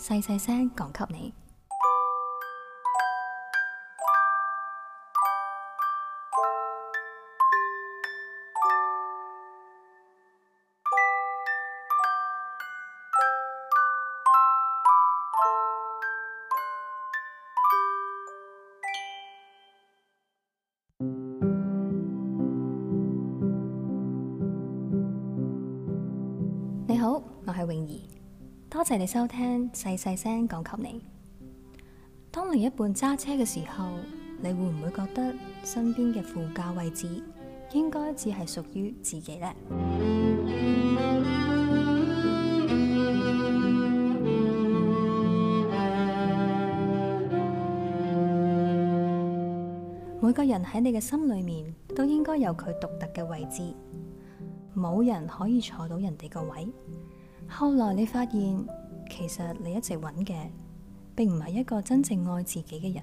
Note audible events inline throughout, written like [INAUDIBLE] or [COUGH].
細細聲講給你。你好，我係泳兒。多謝你收聽，細細聲講給你。當另一半揸車嘅時候，你會唔會覺得身邊嘅副駕位置應該只係屬於自己呢？每個人喺你嘅心裏面都應該有佢獨特嘅位置，冇人可以坐到人哋個位。後來你發現，其實你一直揾嘅，並唔係一個真正愛自己嘅人，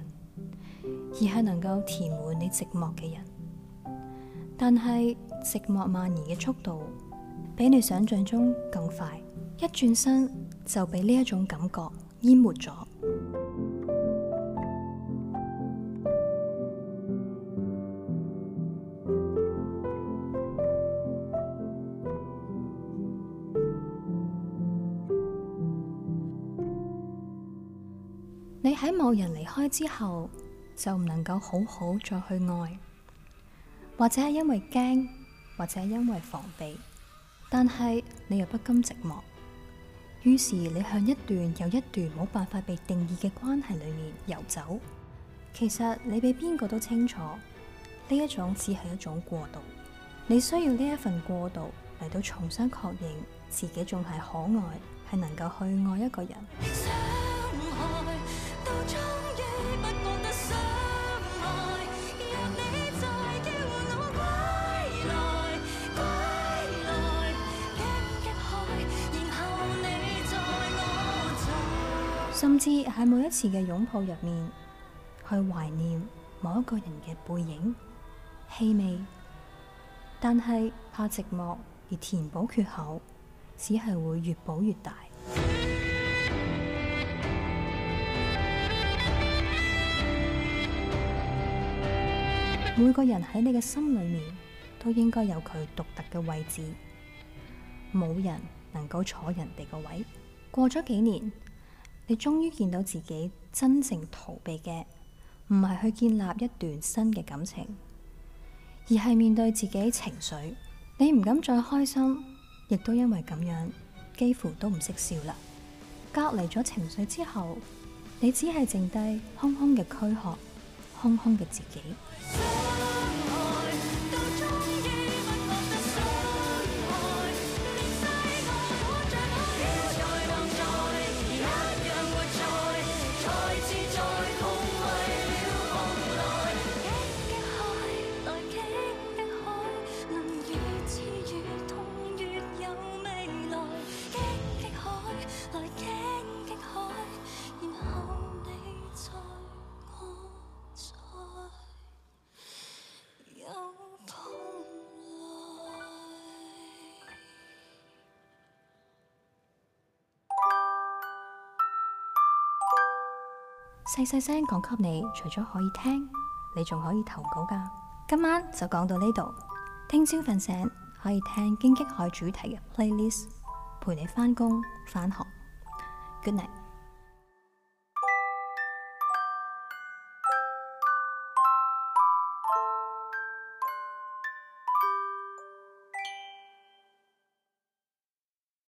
而係能夠填滿你寂寞嘅人。但係寂寞蔓延嘅速度，比你想象中更快，一轉身就被呢一種感覺淹沒咗。喺某人離開之後，就唔能夠好好再去愛，或者係因為驚，或者係因為防備，但係你又不甘寂寞，於是你向一段又一段冇辦法被定義嘅關係裡面游走。其實你比邊個都清楚，呢一種只係一種過渡，你需要呢一份過渡嚟到重新確認自己仲係可愛，係能夠去愛一個人。甚至喺每一次嘅擁抱入面，去懷念某一個人嘅背影、氣味，但係怕寂寞而填補缺口，只係會越補越大。 [MUSIC] 每個人喺你嘅心裏面都應該有佢獨特嘅位置，冇人能夠坐人哋個位。過咗幾年。你終於見到自己真正逃避嘅，唔係去建立一段新嘅感情，而係面對自己情緒。你唔敢再開心，亦都因為咁樣幾乎都唔識笑啦。隔離咗情緒之後，你只係剩低空空嘅軀殼，空空嘅自己。細細聲講給你，除咗可以聽，你仲可以投稿噶。今晚就講到呢度，聽朝瞓醒可以聽《荊棘海》主題嘅 playlist，陪你翻工翻學。Good night。